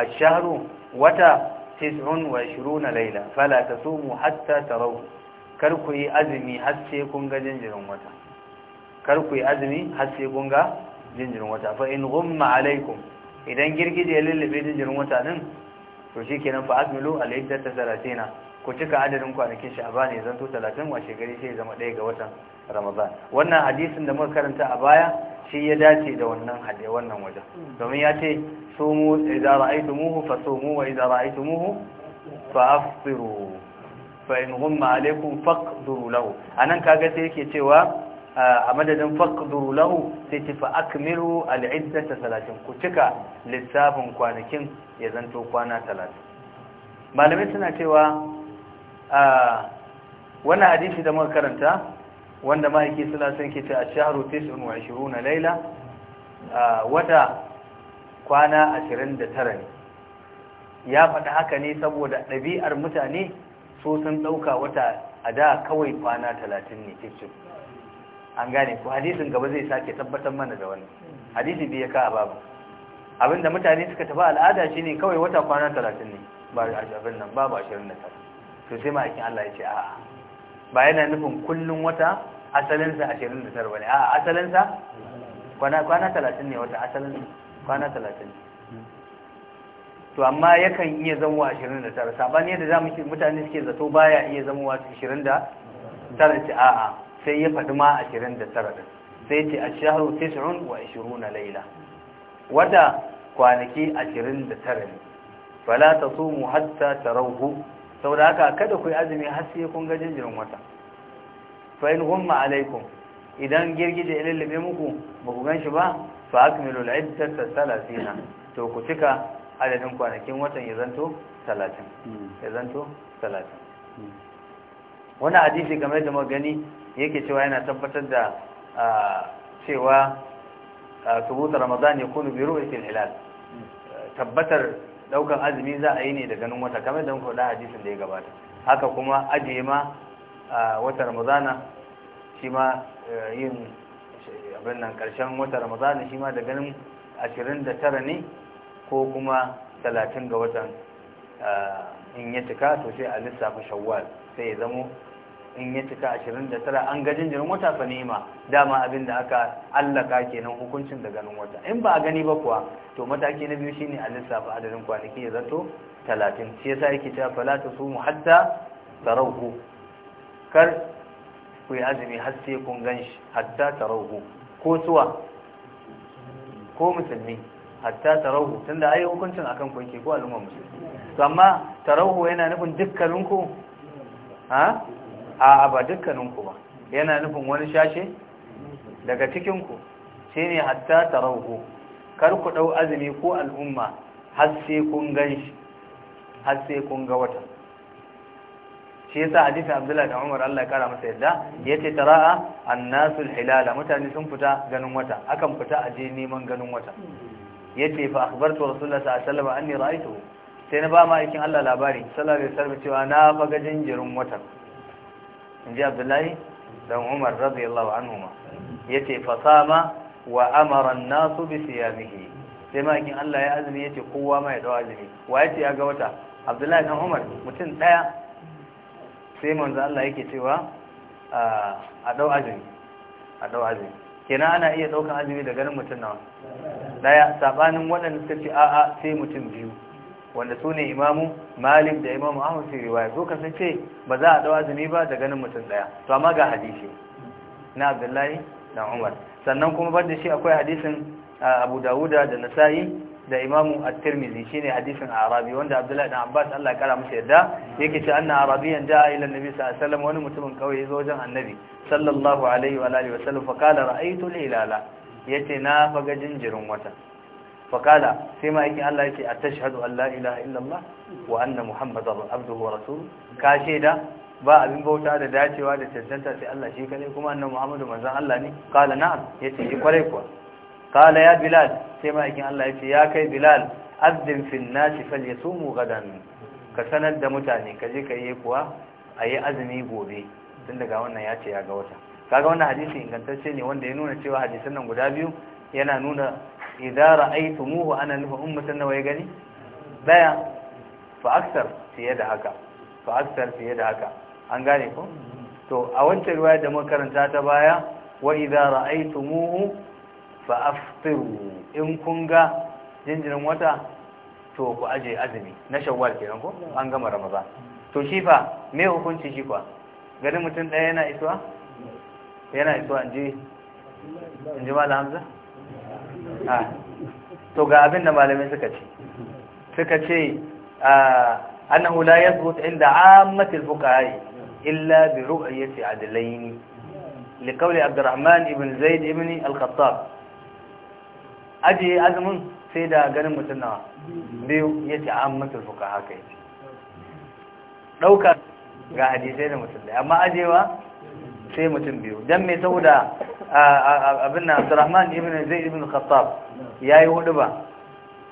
A: ash-shahru wata tis'un wa shiruna laila fala tasumu hatta taraw kar ku yi azumi har sai kun ga jinjirin wata kar ku yi azumi har sai kun ga jinjirin wata fa in ghumma alaikum idan girgije ya lullube jinjirin wata din to shikenan fa azmilu alayda salatina ku cika adadin kwanakin sha'ban ya zanto 30 wa gari sai zama daya ga watan ramadan wannan hadisin da muka karanta a baya shi ya dace da wannan hadai wannan wajen domin ya ce sumu muhu fa fasumu wa idan ra'aytumuhu muhu fa Fa in humma alaykum faqduru lahu anan kaga sai yake cewa a madadin faqduru lahu sai ta fa akmilu al'iddata iddata 30 ku cika lissafin kwanakin ya zanto kwana 30 malamai suna cewa wannan hadisi da muka karanta wanda ma'aiki suna son ke ce a shaharu tis'un wa ashiru na laila wata kwana ashirin da tara ne ya faɗi haka ne saboda ɗabi'ar mutane so sun ɗauka wata a da kawai kwana talatin ne kicin. an gane ku hadisin gaba zai sake tabbatar mana da wani hadisi biya ka a babu abinda mutane suka tafi al'ada shi ne kawai wata kwana talatin ne ba abin nan babu ashirin da tara to sai ma'aikin Allah ya ce a'a ba yana nufin kullum wata asalinsa ashirin da 29 bane a asalinsa kwana talatin ne wata asalinsa? kwana talatin? to amma yakan iya zama ashirin da tara. sabani yadda za ci mutane suke zato baya iya zama wasu ashirin 29 ce a'a sai ya faɗi ma ashirin da 29 sai ce wa shahru na layla wata kwanaki ashirin da tara 29 fala mu hatta tarawhu saboda haka kada ku yi azumi har sai kun ga jinjirin wata fa in humma alaikum idan girgije ya lullube muku ba ku ganshi ba fa akmilu al-iddata salasina to ku cika adadin kwanakin watan ya zanto 30 ya zanto 30 wannan hadisi game da magani yake cewa yana tabbatar da cewa tubuta ramadan ya kunu bi ru'yatil hilal tabbatar daukan azumi za a yi ne da ganin wata kamar da muka faɗa hadisin da ya gabata haka kuma ajiye ma a wata ramadana shi ma e, yin abin nan karshen wata ramadana shi ma da ganin ashirin da tara ne ko kuma talatin ga watan in ya cika to sai a lissafa shawwal sai ya zamo in ya cika 29 an ga jinjirin wata fa nema dama abin da aka allaka kenan hukuncin da ganin wata in ba a gani ba kuwa to mataki na biyu shine a lissafa adadin kwanaki ya zato 30 shi yasa yake cewa fala sumu hatta tarahu kar ku yi azumi har sai kun ganshi hatta tarahu ko suwa ko musulmi hatta tarahu tunda yi hukuncin akan ku yake ko al'umma musulmi to amma tarahu yana nufin dukkaninku ha a ba dukkaninku ba yana nufin wani shashe daga cikinku shi ne hatta tarauhu kar ku ɗau azumi ko al'umma har sai kun gan har sai kun ga wata shi yasa hadisi abdullahi da umar Allah ya kara masa yadda yace tara'a annasu hilala mutane sun fita ganin wata akan fita aje neman ganin wata yace fa akhbartu rasulullahi sallallahu alaihi wasallam anni ra'aytu sai na ba ma aikin Allah labari sallallahu alaihi wasallam cewa na faga jinjirin watan in ji abdullahi dan umar radiyallahu anhuma yace fasama wa amara an-nasu bi siyamihi sai ma kin Allah ya azumi yace kowa ma ya azumi wa yace ya ga wata abdullahi dan umar mutum daya sai manzo Allah yake cewa a dau azumi a azumi kenan ana iya daukan azumi da ganin mutum nawa daya sabanin waɗanda suka ce a'a sai mutum biyu wanda su ne imamu malik da imamu ahu su riwaya so kasance ba za a dawa azumi ba da ganin mutum daya to amma ga hadisi na abdullahi da umar sannan kuma bar da shi akwai hadisin abu dawuda da nasa'i da imamu at-tirmidhi shine hadisin arabi wanda abdullahi dan abbas Allah ya kara masa yadda yake ce anna arabiyan da'a ila annabi sallallahu alaihi wasallam wani mutumin kauye zo wajen annabi sallallahu alaihi wa alihi wasallam fa qala ra'aytu al-hilala yace na faga jinjirin wata fakala sai ma aikin Allah yake a tashhadu an la ilaha illallah wa anna muhammadar abduhu wa rasul ka shaida ba abin bauta da dacewa da cancanta sai Allah shi kadai kuma annabi Muhammadu manzon Allah ne kala na'am yace ki kware kuwa kala ya bilal sai ma aikin Allah yace ya kai bilal azdin fil nasi falyasumu gadan ka sanar da mutane ka je yi kuwa a yi azumi gobe tun daga wannan ya ce ya ga wata kaga wannan hadisi ingantacce ne wanda ya nuna cewa hadisan nan guda biyu yana nuna idza ra'aytumuhu ana nufa ummatan nawa ya gani daya fa aksar fiye da haka fa aksar fiye da haka an gane ko to a wancan riwaya da makaranta ta baya wa idza ra'aytumuhu fa aftiru in kun ga jinjirin wata to ku aje azumi na shawwal kenan ko an gama ramaza to shi fa me hukunci shi fa ganin mutum daya yana isuwa yana isuwa inji inji malam Ah. to ga abin da malamai suka ce suka ce ah, annahu la yathbut inda ammatil fuqaha illa bi ru'yati adlayn liqawli abdurrahman ibn zaid ibn al-khattab aje azumin sai da ganin mutum nawa biyu yace ammatil fuqaha kai dauka ga hadisai da mutum amma ajewa sai mutum biyu don me saboda abin nan Abdurrahman ibn Zaid ibn Khattab yi hudu ba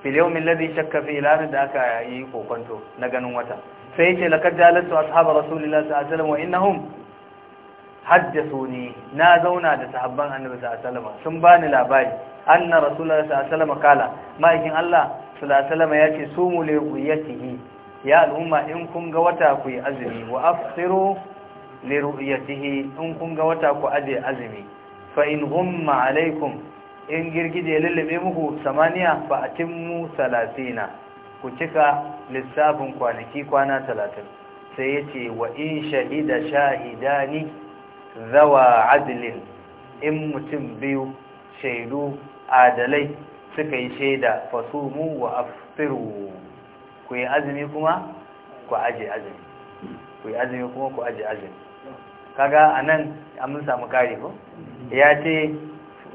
A: fil yawm alladhi shakka fi ranar da aka yi kokonto na ganin wata sai yace laqad jalatu ashabu rasulillahi sallallahu alaihi wasallam wa innahum haddathuni na zauna da sahabban annabi su asalama wasallam sun bani labari anna rasulullahi sallallahu alaihi wasallam kala ma'aikin Allah sallallahu alaihi wasallam yace sumu li ruyatihi ya al'umma in kun ga wata ku yi azumi wa afsiru liru'yatihi in kun ga wata ku ajiye azumi fa in umma alaikum in girgije lullube muku samaniya fa atimmu talatina ku cika lissafin kwanaki kwana talatin. sai yace wa in shahida shahidani zawa adlin in mutum biyu shaidu adalai suka yi shaida fasumu wa aftiru ku yi azumi kuma ku aje azumi ku yi azumi kuma ku aje azumi kaga anan mun samu kare ko ya ce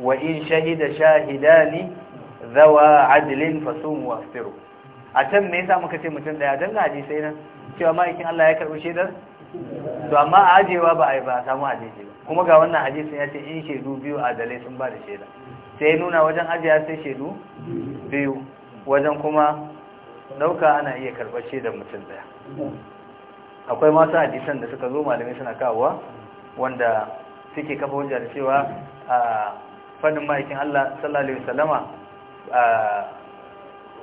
A: wa in shahida shahidani zawa adlin fasumu waftiru a can me yasa muka ce mutum daya dan sai nan cewa ma'aikin Allah ya karbi shaidar to amma a ajewa ba a yi ba a samu hadisi ba kuma ga wannan hadisin ya ce in shaidu biyu adalai sun ba da shaida sai nuna wajen ajiya sai shaidu biyu wajen kuma dauka ana iya karɓar shaidar mutum daya akwai masu hadisan da suka zo malamai suna kawowa wanda suke kafa hujja da cewa a fadin ma'aikin Allah sallallahu alaihi wasallama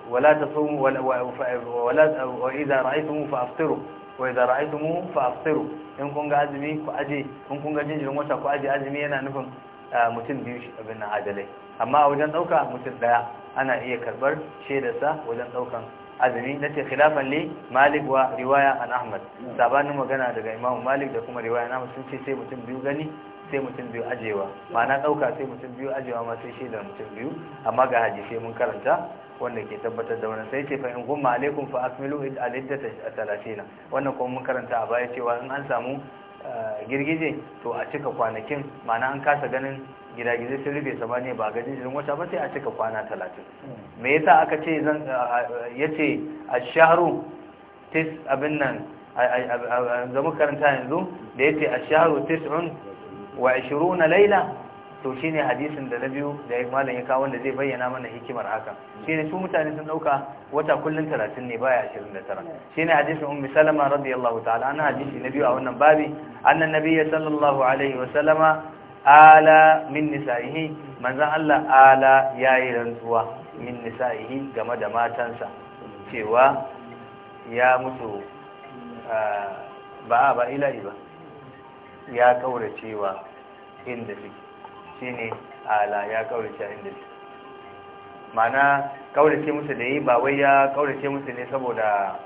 A: wala tasumu wala wa idza ra'aytum fa'aftiru wa idza ra'aytum fa'aftiru in kun ga azumi ku aje in kun ga jinjirin wata ku aje azumi yana nufin mutum biyu shi abin nan adalai amma a wajen dauka mutum daya ana iya karbar shaidarsa wajen daukan azumi na ce khilafan li malik wa riwaya an ahmad sabanin magana daga imamu malik da kuma riwaya na sun ce sai mutum biyu gani sai mutum biyu ajewa ma'ana ɗauka sai mutum biyu ajewa ma sai shaidar mutum biyu amma ga Haji sai mun karanta wanda ke tabbatar da wannan sai ce fa in gumma alaikum fa akmilu al-iddata talatina wannan kuma mun karanta a baya cewa in an samu eh, girgije to a cika kwanakin ma'ana an kasa ganin gidagizai sun rufe samaniya ba ga jinjirin wata ba sai a cika kwana talatin me yasa aka ce zan ya ce a shaharu tis abin nan zama karanta yanzu da ya ce a shaharu un wa ashiru na laila to shi ne hadisin da na biyu da malam ya kawo wanda zai bayyana mana hikimar haka shi ne su mutane sun ɗauka wata kullum talatin ne baya ashirin da tara shi ne hadisin ummi salama radiyallahu ta'ala ana hadisi na biyu a wannan babi annan nabiya sallallahu alaihi wa salama. ala min nisa'ihi manzan Allah ala yayi rantsuwa min nisa'ihi game da matansa cewa ya mutu ba ba ilahi ba ya kaura cewa inda shi shine ala ya kaura cewa inda su mana kaura ce musu da yi ba wai ya kaura ce musu ne saboda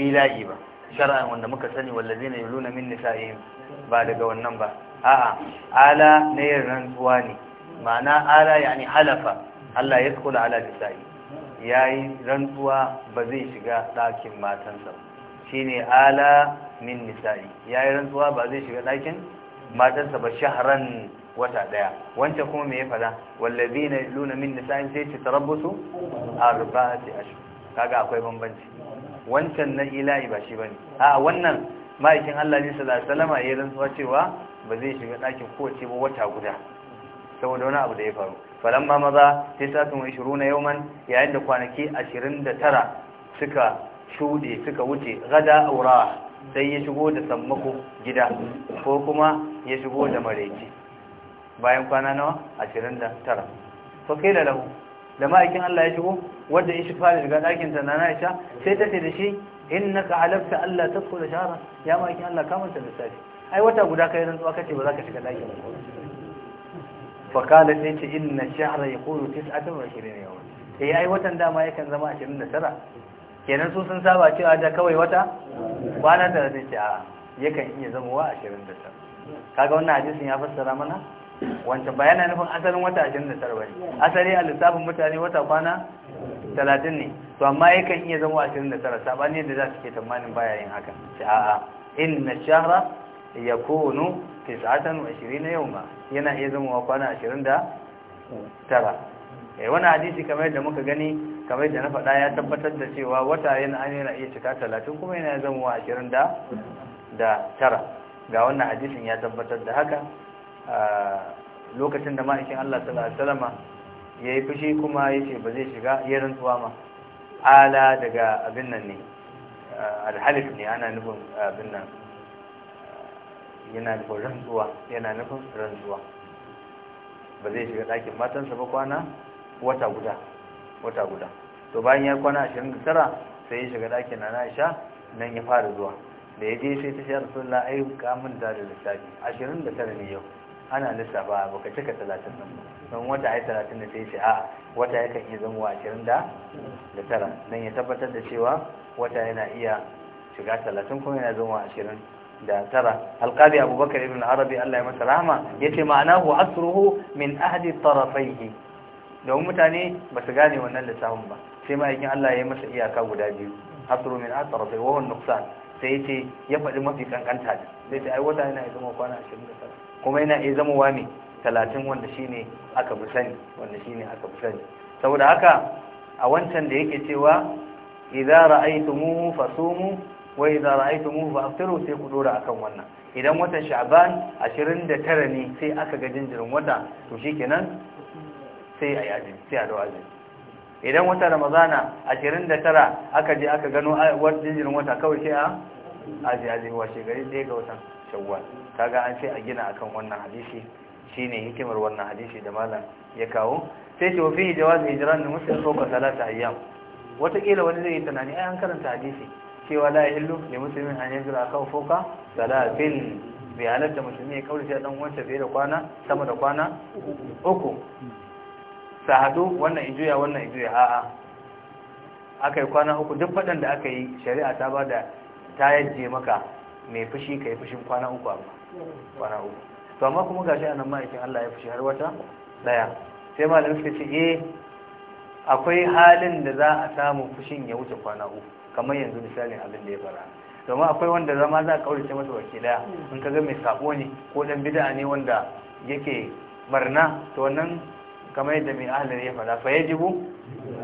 A: ilahi ba shar'an wanda muka sani wallazina yuluna min nisa'ihim ba daga wannan ba a'a ala na yin rantsuwa ne ma'ana ala yani halafa Allah ya kula ala nisa'i yayi rantsuwa ba zai shiga ɗakin matansa shine ala min nisa'i yayi rantsuwa ba zai shiga ɗakin matansa ba shahran wata daya wanda kuma me ya fada wallazina luna min nisa'i? sai ce tarabbusu arba'ati ashhur kaga akwai bambanci wancan na ilahi ba shi bane a wannan ma'aikin Allah ne sallallahu alaihi wasallam ya rantsuwa cewa ba zai shiga ɗakin kowace ba wata guda saboda wani abu da ya faru falamma maza sai satun wa shiru na yauman yayin da kwanaki ashirin da tara suka shuɗe suka wuce gada aura sai ya shigo da sammako gida ko kuma ya shigo da mareji bayan kwana nawa ashirin da tara kai da lahu da ma'aikin Allah ya shigo wadda ya shiga da shiga ɗakin ta nana sai ta ce da shi innaka halarta Allah tadkhul shahara ya ma'aikin Allah kamanta lissafi ai wata guda kai rantsuwa kace ba za ka shiga ɗakin ba fa kala sai ce inna shahra yaqulu tis'atun wa ishrina yawma eh ai watan dama yakan zama 29 kenan su sun saba cewa da kawai wata kwana da zai ce a yakan iya zama wa 29 kaga wannan hadisin ya fassara mana wancan bayana nufin asalin wata 29 bane asali a lissafin mutane wata kwana 30 ne to amma yakan iya zama 29 sabanin da za su ke tamanin baya yin haka ce a'a inna shahra ya na yau ma yana iya zama kwana 29 eh wani hadisi kamar yadda muka gani kamar yadda na faɗa ya tabbatar da cewa wata yana an yana iya cika talatin kuma yana zama wa da da tara ga wannan hadisin ya tabbatar da haka ah, lokacin da ma'aikin Allah sallallahu alaihi ya yayi fushi kuma yace ba zai shiga ya rantsuwa ma ala daga abin nan ne ah, alhalif ne ana nufin abin nan yana nufin rantsuwa yana nufin rantsuwa ba zai shiga ɗakin matansa ba kwana wata guda wata guda to bayan ya kwana ashirin da tara sai ya shiga ɗakin na Aisha nan ya fara zuwa da ya je sai ta shayar sun la'ayi kamun da da lissafi ashirin da tara ne yau ana lissafa ba ka cika talatin nan don wata ai talatin da sai ce a wata yakan iya zama ashirin da da tara don ya tabbatar da cewa wata yana iya shiga talatin kuma yana zama ashirin da tara alqabi abubakar ibn arabi Allah ya masa rahama yace ma'anahu asruhu min ahdi tarafaihi domin mutane ba su gane wannan lissafin ba sai ma'aikin Allah ya masa iyaka guda biyu asru min ahdi tarafaihi wa huwa nuqsan sai ya ce ya faɗi mafi kankanta zai ce ai wata yana ya zama kwana 29 kuma yana ya zama wani talatin wanda shi ne aka fi sani wanda shi ne aka fi sani saboda haka a wancan da yake cewa idza ra'aytumuhu fasumu wa idza ra'aytumuhu fa'tiru sai ku dora akan wannan idan watan sha'ban 29 ne sai aka ga jinjirin wata to shikenan sai a yaji sai a dawo azumi idan wata ramazana 29 aka je aka gano wata jinjirin wata kawai sai a aje aje shi, gari ɗaya ga watan shawwal kaga an sai a gina akan wannan hadisi shine hikimar wannan hadisi da malam ya kawo sai ce wa fihi jawaz hijran muslim fawqa salata ayyam wata kila wani zai yi tunani ai an karanta hadisi cewa la yahillu li muslimin an yanzura ka fuka salatin bi halatta musulmi ya kaurace dan wanda fiye da kwana sama da kwana uku sahadu wannan ijuya wannan ijuya a'a aka yi kwana uku duk faɗan da aka yi shari'a ta ba da ta yaje maka mai fushi ka yi fushin kwana uku amma kwana uku to amma kuma gashi anan ma yake Allah ya fushi har wata daya sai malam sai ce eh akwai halin da za a samu fushin ya wuce kwana uku kamar yanzu misalin abin da ya fara domin akwai wanda zama za a kaurace masa baki daya in ka ga mai sabo ne ko dan bid'a ne wanda yake barna to wannan kamar yadda mai ahlin ya fara fa yajibu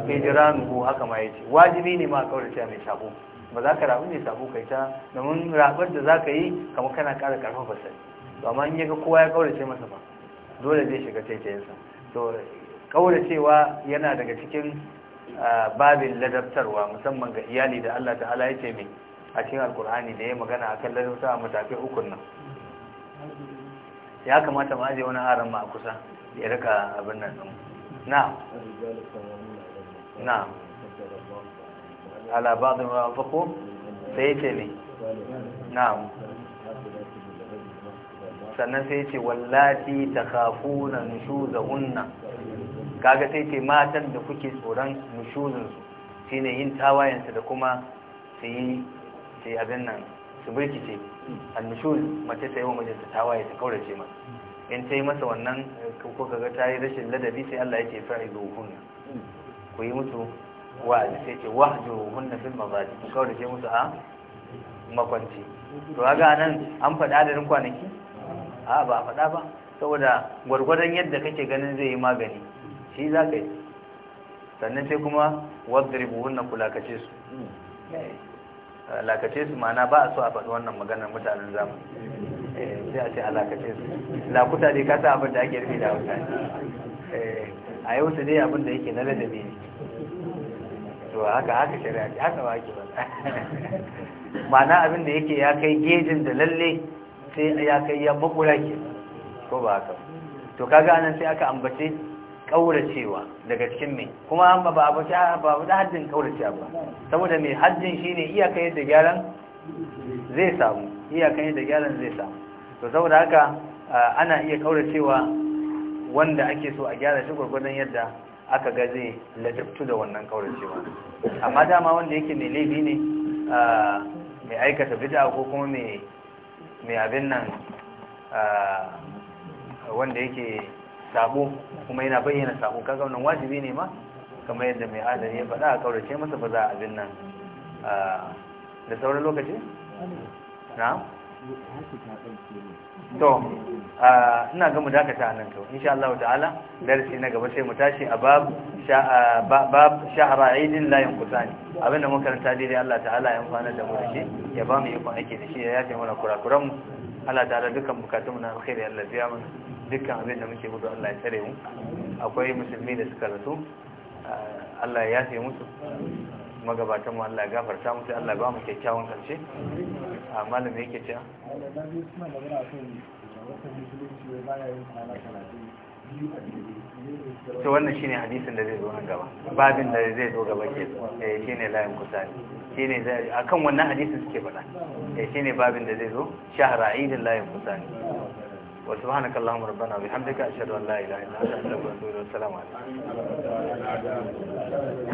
A: hijranuhu haka ma yace wajibi ne ma a kaurace mai sabo ba za ka rabu mai sabo kai ta domin rabar da za ka yi kamar kana ƙara ƙarfafa sai to amma in yaga kowa ya kaurace masa ba dole zai shiga taitayensa to kauracewa yana daga cikin babin ladabtarwa musamman ga iyali da Allah ta'ala ya ce mai a cikin alkur'ani da ya magana a kan ladabta a matakai ukun nan ya kamata ma aje wani haram ma a kusa ya rika abin nan na na ala ba'dhin wa sai ya ce ne na sannan sai ya ce wallati da nushuzahunna kaga sai ce matan da kuke tsoron nushuzinsu shi ne yin tawayensu da kuma su yi su yi abin nan su birkice annushuz mace ta yi wa mijinta tawaye ta kaurace masa in ta yi masa wannan ko kaga ta yi rashin ladabi sai Allah ya ce zuwa hunna ku yi musu wa'azi sai ce wahjuru hunna fil mazaji ku kaurace musu a makwanci to haka nan an faɗa da rin kwanaki a ba a faɗa ba saboda gwargwadon yadda kake ganin zai yi magani shi za ka yi sannan sai kuma wadribu hunna ku lakace su eh, lakace su mana ba a so a faɗi wannan maganar mutanen zamani eh, sai a ce a lakace su lakuta dai kasa abin da ake rufe da ne. Eh, a yau su dai abin da yake na ladabi ne to haka haka shari'a ce haka ba ke ba Mana abin da yake ya kai gejin da lalle sai ya kai ya makura ke ko ba haka to kaga anan sai aka ambace kauracewa daga cikin mai kuma ba abu da haddin kauracewa ba saboda mai haddin shine iyaka yadda gyaran zai samu iyakan yadda gyaran zai samu to saboda haka ana iya kauracewa wanda ake so a gyara shi gwargwadon yadda aka ga zai ladabtu da wannan kauracewa amma dama wanda yake mai laifi ne mai aikata bid'a ko kuma mai abin nan wanda yake samu kuma yana bayyana samu kaga wannan wajibi ne ma kamar yadda mai hadari ya faɗa a kaurace masa ba za a abin nan da sauran lokaci? na? to ina ga mu dakata nan to insha Allah ta'ala darasi na gaba sai mu tashi a bab bab shahra aidin la yanqusani abinda mun karanta dai Allah ta'ala ya amfana da mu shi ya ba mu yi aiki da shi ya yace mana kurakuran mu Allah ta'ala dukkan bukatun mu na alkhairi Allah ya mana dukkan abin da muke gudu Allah ya tsare mu akwai musulmi da suka rasu ah, Allah ya yafe musu magabatan mu Allah ya gafarta musu Allah ba mu kyakkyawan karshe a ah, malam yake cewa to wannan shine hadisin da zai zo nan gaba babin da zai zo gaba ke eh shine layin kusani shine akan wannan hadisin suke faɗa eh shine babin da zai zo shahra da layin kusani وسبحانك اللهم ربنا وبحمدك أشهد أن لا إله إلا أنت أستغفرك وأتوب إليك والسلام
B: عليكم